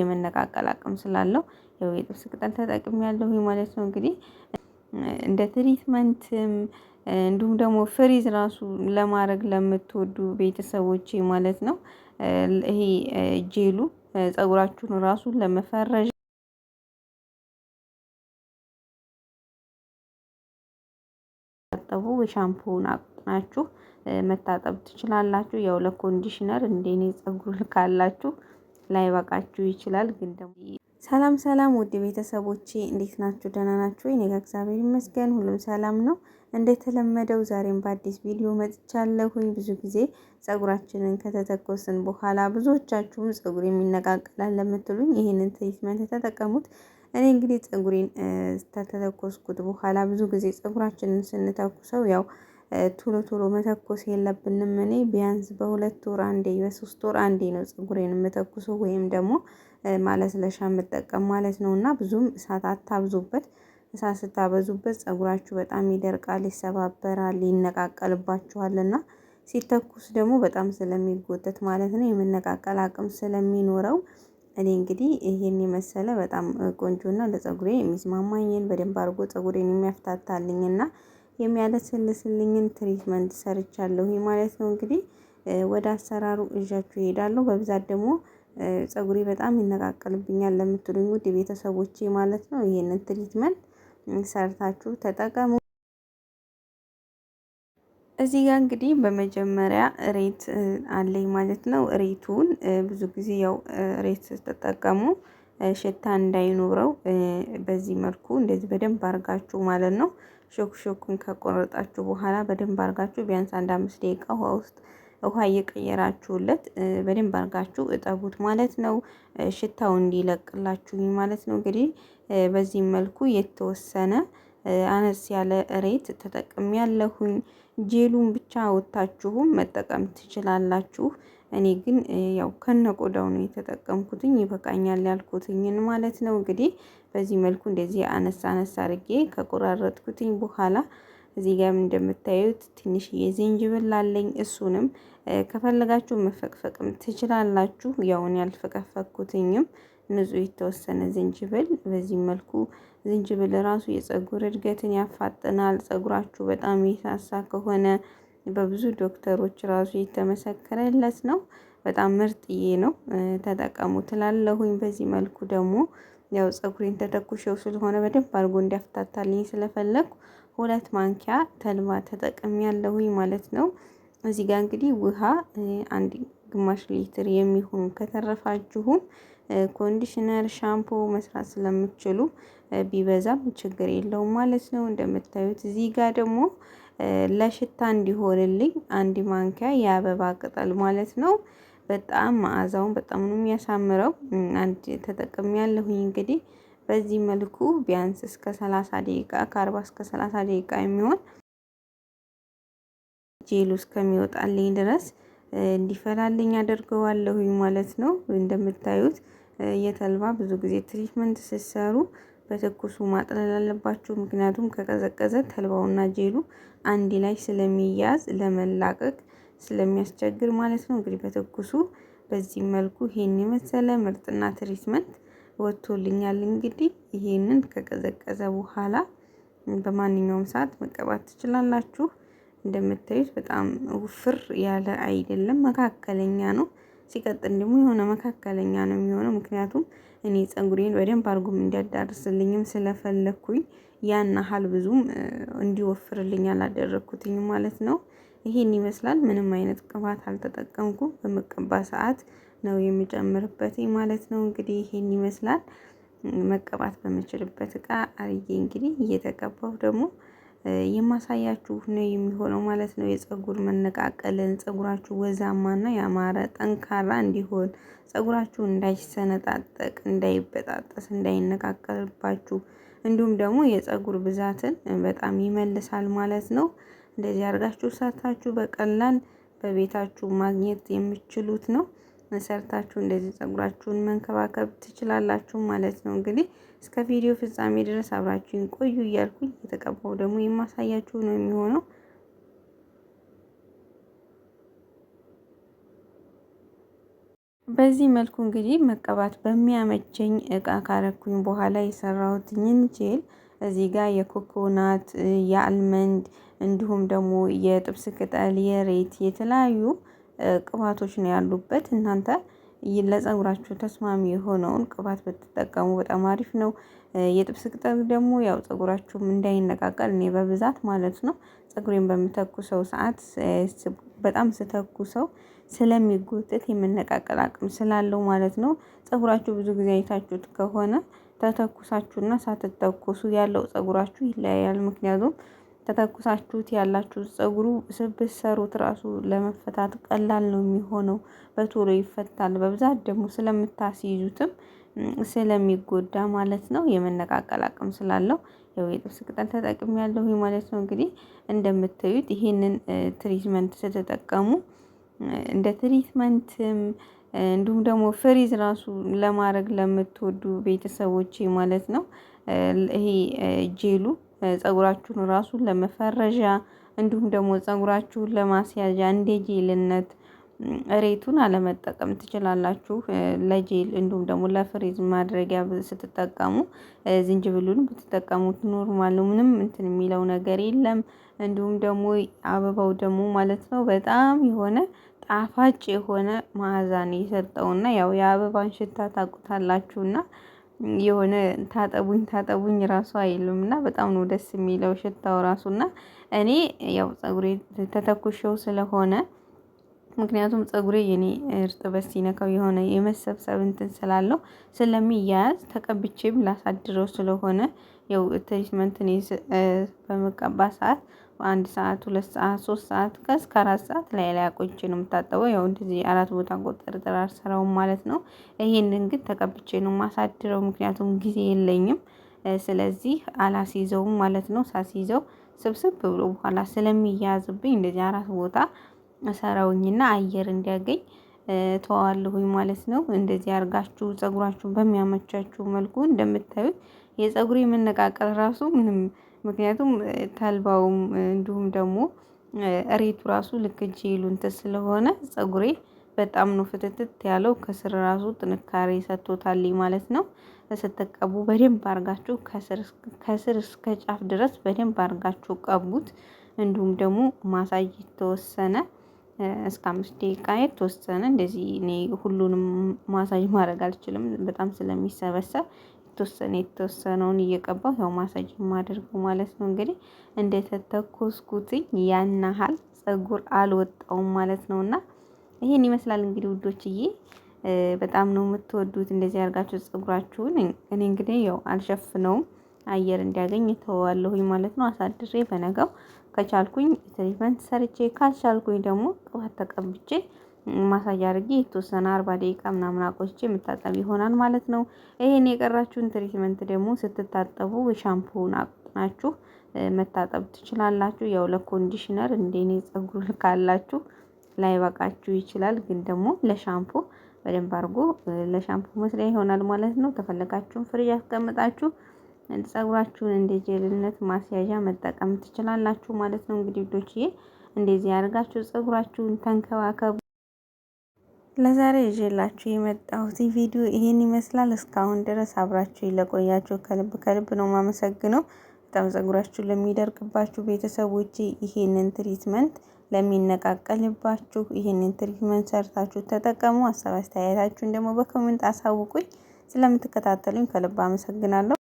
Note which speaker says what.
Speaker 1: የመነቃቀል አቅም ስላለው ያው የጥብስ ቅጠል ተጠቅም ያለው ማለት ነው። እንግዲህ እንደ ትሪትመንትም እንዲሁም ደግሞ ፍሪዝ ራሱ ለማድረግ ለምትወዱ ቤተሰቦች ማለት ነው። ይሄ ጄሉ ጸጉራችሁን ራሱ ለመፈረዥ ታጠቡ ሻምፖን አቅጥናችሁ መታጠብ ትችላላችሁ። ያው ለኮንዲሽነር እንደኔ ጸጉር ካላችሁ ላይበቃችሁ ይችላል። ግን ደግሞ ሰላም ሰላም፣ ውድ ቤተሰቦቼ እንዴት ናችሁ? ደህና ናችሁ እኔ ጋር እግዚአብሔር ይመስገን ሁሉም ሰላም ነው። እንደተለመደው ዛሬም በአዲስ ቪዲዮ መጥቻለሁኝ። ብዙ ጊዜ ጸጉራችንን ከተተኮስን በኋላ ብዙዎቻችሁም ጸጉር የሚነቃቀላል ለምትሉኝ ይህንን ትሪትመንት ተጠቀሙት። እኔ እንግዲህ ጸጉሬን ከተተኮስኩት በኋላ ብዙ ጊዜ ጸጉራችንን ስንተኩሰው ያው ቶሎ ቶሎ መተኮስ የለብንም። እኔ ቢያንስ በሁለት ወር አንዴ በሶስት ወር አንዴ ነው ፀጉሬን የምተኩሰው ወይም ደግሞ ማለስለሻ የምጠቀም ማለት ነው። እና ብዙም እሳት አታብዙበት። እሳት ስታበዙበት ጸጉራችሁ በጣም ይደርቃል ይሰባበራል ይነቃቀልባችኋል እና ሲተኩስ ደግሞ በጣም ስለሚጎተት ማለት ነው የመነቃቀል አቅም ስለሚኖረው። እኔ እንግዲህ ይሄን የመሰለ በጣም ቆንጆና ለጸጉሬ የሚስማማኝን በደንብ አድርጎ ጸጉሬን የሚያፍታታልኝና የሚያለሰልስልኝን ትሪትመንት ሰርቻለሁ ማለት ነው። እንግዲህ ወደ አሰራሩ ይዣችሁ ይሄዳለሁ። በብዛት ደግሞ ፀጉሬ በጣም ይነቃቀልብኛል ለምትሉኝ ውድ ቤተሰቦቼ ማለት ነው ይህንን ትሪትመንት ሰርታችሁ ተጠቀሙ። እዚህ ጋር እንግዲህ በመጀመሪያ ሬት አለኝ ማለት ነው። ሬቱን ብዙ ጊዜ ያው ሬት ስትጠቀሙ ሽታ እንዳይኖረው በዚህ መልኩ እንደዚህ በደንብ አድርጋችሁ ማለት ነው ሾኩን ከቆረጣችሁ በኋላ በደንብ አርጋችሁ ቢያንስ አንድ አምስት ደቂቃ ውሃ ውስጥ ውሃ እየቀየራችሁለት በደንብ አርጋችሁ እጠቡት ማለት ነው። ሽታው እንዲለቅላችሁ ማለት ነው። እንግዲህ በዚህ መልኩ የተወሰነ አነስ ያለ እሬት ያለሁኝ ጄሉን ብቻ ወታችሁም መጠቀም ትችላላችሁ። እኔ ግን ያው ከነቆዳው ነው የተጠቀምኩትኝ ይበቃኛል ያልኩትኝን ማለት ነው። እንግዲህ በዚህ መልኩ እንደዚህ አነሳ አነስ አድርጌ ከቆራረጥኩትኝ በኋላ እዚህ ጋር እንደምታዩት ትንሽዬ ዝንጅብል አለኝ። እሱንም ከፈለጋችሁ መፈቅፈቅም ትችላላችሁ። ያውን ያልፈቀፈኩትኝም ንጹህ የተወሰነ ዝንጅብል በዚህ መልኩ ዝንጅብል ራሱ የፀጉር እድገትን ያፋጥናል። ፀጉራችሁ በጣም የሳሳ ከሆነ በብዙ ዶክተሮች ራሱ የተመሰከረለት ነው። በጣም ምርጥዬ ነው ተጠቀሙ ትላለሁኝ። በዚህ መልኩ ደግሞ ያው ፀጉሬን ተተኩሸው ስለሆነ በደንብ አድርጎ እንዲያፍታታልኝ ስለፈለግኩ ሁለት ማንኪያ ተልባ ያለሁኝ ማለት ነው። እዚህ ጋር እንግዲህ ውሃ አንድ ግማሽ ሊትር የሚሆኑ ከተረፋችሁም ኮንዲሽነር፣ ሻምፖ መስራት ስለምችሉ ቢበዛም ችግር የለውም ማለት ነው። እንደምታዩት እዚህ ጋር ደግሞ ለሽታ እንዲሆንልኝ አንድ ማንኪያ የአበባ ቅጠል ማለት ነው። በጣም መዓዛውን በጣም ነው የሚያሳምረው። አንድ ተጠቅም ያለሁኝ እንግዲህ በዚህ መልኩ ቢያንስ እስከ 30 ደቂቃ ከ40 እስከ 30 ደቂቃ የሚሆን ጄሉ እስከሚወጣልኝ ድረስ እንዲፈላልኝ አደርገዋለሁኝ ማለት ነው። እንደምታዩት የተልባ ብዙ ጊዜ ትሪትመንት ሲሰሩ በትኩሱ ማጥለል አለባችሁ። ምክንያቱም ከቀዘቀዘ ተልባውና ጄሉ አንድ ላይ ስለሚያዝ ለመላቀቅ ስለሚያስቸግር ማለት ነው። እንግዲህ በትኩሱ በዚህ መልኩ ይሄን የመሰለ ምርጥና ትሪትመንት ወጥቶልኛል። እንግዲህ ይሄንን ከቀዘቀዘ በኋላ በማንኛውም ሰዓት መቀባት ትችላላችሁ። እንደምታዩት በጣም ውፍር ያለ አይደለም፣ መካከለኛ ነው። ሲቀጥል ደግሞ የሆነ መካከለኛ ነው የሚሆነው። ምክንያቱም እኔ ፀጉሬን በደንብ አርጉም እንዲያዳርስልኝም ስለፈለግኩኝ ያን ያህል ብዙም እንዲወፍርልኝ አላደረግኩትኝም ማለት ነው። ይሄን ይመስላል። ምንም አይነት ቅባት አልተጠቀምኩ በመቀባ ሰዓት ነው የሚጨምርበት ማለት ነው። እንግዲህ ይሄን ይመስላል። መቀባት በምችልበት እቃ አርጌ እንግዲህ እየተቀባሁ ደግሞ የማሳያችሁ ነው የሚሆነው ማለት ነው። የፀጉር መነቃቀልን ፀጉራችሁ ወዛማና ያማረ ጠንካራ እንዲሆን ፀጉራችሁ እንዳይሰነጣጠቅ፣ እንዳይበጣጠስ፣ እንዳይነቃቀልባችሁ እንዲሁም ደግሞ የፀጉር ብዛትን በጣም ይመልሳል ማለት ነው። እንደዚህ አድርጋችሁ ሰርታችሁ በቀላል በቤታችሁ ማግኘት የምችሉት ነው። መሰርታችሁ እንደዚህ ጸጉራችሁን መንከባከብ ትችላላችሁ ማለት ነው። እንግዲህ እስከ ቪዲዮ ፍጻሜ ድረስ አብራችሁን ቆዩ እያልኩኝ የተቀባው ደግሞ የማሳያችሁ ነው የሚሆነው። በዚህ መልኩ እንግዲህ መቀባት በሚያመቸኝ እቃ ካረኩኝ በኋላ የሰራሁትኝን ጄል እዚህ ጋር የኮኮናት፣ የአልመንድ እንዲሁም ደግሞ የጥብስ ቅጠል፣ የሬት የተለያዩ ቅባቶች ነው ያሉበት እናንተ ለጸጉራችሁ ተስማሚ የሆነውን ቅባት ብትጠቀሙ በጣም አሪፍ ነው። የጥብስ ቅጠል ደግሞ ያው ጸጉራችሁም እንዳይነቃቀል እኔ በብዛት ማለት ነው ፀጉሬን በምተኩሰው ሰዓት በጣም ስተኩሰው ስለሚጎተት የመነቃቀል አቅም ስላለው ማለት ነው። ፀጉራችሁ ብዙ ጊዜ አይታችሁት ከሆነ ተተኩሳችሁና ሳትተኩሱ ያለው ፀጉራችሁ ይለያያል። ምክንያቱም ተተኩሳችሁት ያላችሁት ፀጉሩ ስብሰሩት ራሱ ለመፈታት ቀላል ነው የሚሆነው፣ በቶሎ ይፈታል። በብዛት ደግሞ ስለምታስይዙትም ስለሚጎዳ ማለት ነው። የመነቃቀል አቅም ስላለው ያው የጥብስ ቅጠል ተጠቅም ያለሁ ማለት ነው። እንግዲህ እንደምታዩት ይሄንን ትሪትመንት ስትጠቀሙ እንደ ትሪትመንትም እንዲሁም ደግሞ ፍሪዝ ራሱ ለማድረግ ለምትወዱ ቤተሰቦቼ ማለት ነው ይሄ ጄሉ ፀጉራችሁን ራሱን ለመፈረዣ እንዲሁም ደግሞ ፀጉራችሁን ለማስያዣ እንደ ጄልነት እሬቱን አለመጠቀም ትችላላችሁ። ለጄል እንዲሁም ደግሞ ለፍሬዝ ማድረጊያ ስትጠቀሙ ዝንጅብሉን ብትጠቀሙት ኖርማል ነው። ምንም እንትን የሚለው ነገር የለም። እንዲሁም ደግሞ አበባው ደግሞ ማለት ነው በጣም የሆነ ጣፋጭ የሆነ መዓዛን የሰጠውና ያው የአበባን ሽታ ታውቁታላችሁና የሆነ ታጠቡኝ ታጠቡኝ ራሱ አይሉም እና በጣም ነው ደስ የሚለው ሽታው ራሱ እና እኔ ያው ጸጉሬ ተተኩሸው ስለሆነ ምክንያቱም ጸጉሬ የኔ እርጥበት ሲነካው የሆነ የመሰብሰብ እንትን ስላለው ስለሚያያዝ ተቀብቼም ላሳድረው ስለሆነ ያው ትሪትመንትን በመቀባ ሰዓት አንድ ሰዓት ሁለት ሰዓት ሶስት ሰዓት ከእስከ አራት ሰዓት ላይ ላይ አቆይቼ ነው የምታጠበው። ያው እንደዚህ አራት ቦታ ጥራር አልሰራውም ማለት ነው። ይሄንን ግን ተቀብቼ ነው ማሳድረው፣ ምክንያቱም ጊዜ የለኝም። ስለዚህ አላስይዘውም ማለት ነው። ሳስይዘው ስብስብ ብሎ በኋላ ስለሚያዝብኝ እንደዚህ አራት ቦታ ሰራውኝና አየር እንዲያገኝ ተዋለሁኝ ማለት ነው። እንደዚህ አርጋችሁ ጸጉራችሁን በሚያመቻችሁ መልኩ እንደምታዩት የፀጉሬ መነቃቀል ራሱ ምንም ምክንያቱም ተልባውም እንዲሁም ደግሞ እሬቱ ራሱ ልክ እጅ ይሉንት ስለሆነ ፀጉሬ በጣም ነው ፍትትት ያለው ከስር ራሱ ጥንካሬ ሰጥቶታል ማለት ነው። ስትቀቡ በደንብ አርጋችሁ ከስር እስከ ጫፍ ድረስ በደንብ አርጋችሁ ቀቡት። እንዲሁም ደግሞ ማሳጅ የተወሰነ እስከ አምስት ደቂቃ የተወሰነ እንደዚህ እኔ ሁሉንም ማሳጅ ማድረግ አልችልም፣ በጣም ስለሚሰበሰብ የተወሰነ የተወሰነውን እየቀባሁ ያው ማሳጅ የማደርገው ማለት ነው። እንግዲህ እንደተተኮስኩትኝ ያን ያህል ፀጉር አልወጣውም ማለት ነው። እና ይሄን ይመስላል እንግዲህ ውዶችዬ፣ በጣም ነው የምትወዱት እንደዚህ አድርጋችሁ ጸጉራችሁን። እኔ እንግዲህ ያው አልሸፍነውም አየር እንዲያገኝ እተወዋለሁኝ ማለት ነው። አሳድሬ በነገው ከቻልኩኝ ትሪትመንት ሰርቼ ካልቻልኩኝ ደግሞ ቅባት ተቀብቼ ማሳጅ አድርጌ የተወሰነ አርባ ደቂቃ ምናምን አቆይቼ የምታጠብ ይሆናል ማለት ነው። ይሄን የቀራችሁን ትሪትመንት ደግሞ ስትታጠቡ ሻምፑን አቁጥናችሁ መታጠብ ትችላላችሁ። ያው ለኮንዲሽነር እንደኔ ፀጉር ካላችሁ ላይበቃችሁ ይችላል፣ ግን ደግሞ ለሻምፑ በደንብ አድርጎ ለሻምፑ መስሪያ ይሆናል ማለት ነው። ከፈለጋችሁም ፍሪጅ ያስቀምጣችሁ ፀጉራችሁን እንደ ጀልነት ማስያዣ መጠቀም ትችላላችሁ ማለት ነው። እንግዲህ ዶችዬ እንደዚህ ያደርጋችሁ ፀጉራችሁን ተንከባከቡ። ለዛሬ ይዤላችሁ የመጣሁት ቪዲዮ ይሄን ይመስላል። እስካሁን ድረስ አብራችሁ ለቆያችሁ ከልብ ከልብ ነው ማመሰግነው። በጣም ጸጉራችሁ ለሚደርቅባችሁ ቤተሰቦች ይሄንን ትሪትመንት ለሚነቃቀልባችሁ ይሄንን ትሪትመንት ሰርታችሁ ተጠቀሙ። አሳብ አስተያየታችሁን ደግሞ በኮሜንት አሳውቁኝ። ስለምትከታተሉኝ ከልብ አመሰግናለሁ።